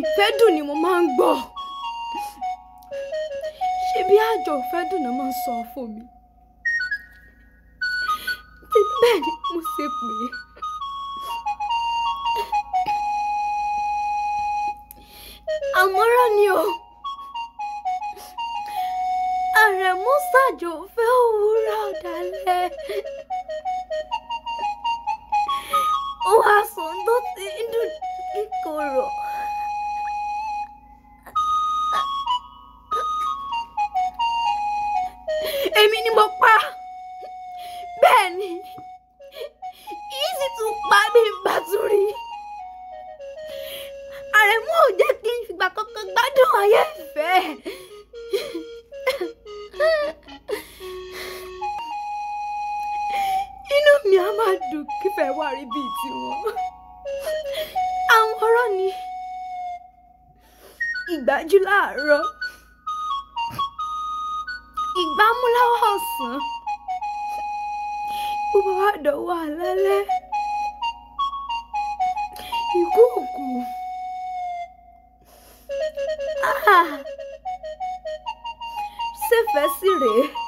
ìfẹ́dùn ni mo máa ń gbọ́ ṣé bí àjọ ìfẹ́dùn náà máa ń sọ fún mi bẹ́ẹ̀ ni mo ṣe pè é. àmọ́ràn ni o àrẹ̀mú ṣàjò fẹ́ òwúrọ̀ ọ̀dàlẹ̀. èmi ni mo pa bẹ́ẹ̀ ni yìí sì tún pa mí bá tún rí àrẹ̀mú ò jẹ́ kí n fìgbà kankan gbádùn ayé ìfẹ́ inú mi á máa dùn kífẹ́ wá rí bíi tiwọn àwọn ọ̀rọ̀ ni ìgbájú láàárọ̀ ìgbámú láwọ̀ ọ̀sán gbogbo wa dọ̀wọ́ àlálẹ́ Ibu aku. Ah, sí deh.